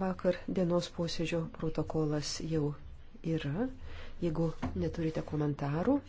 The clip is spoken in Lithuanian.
Vakar dienos posėdžio protokolas jau yra. Jeigu neturite komentarų,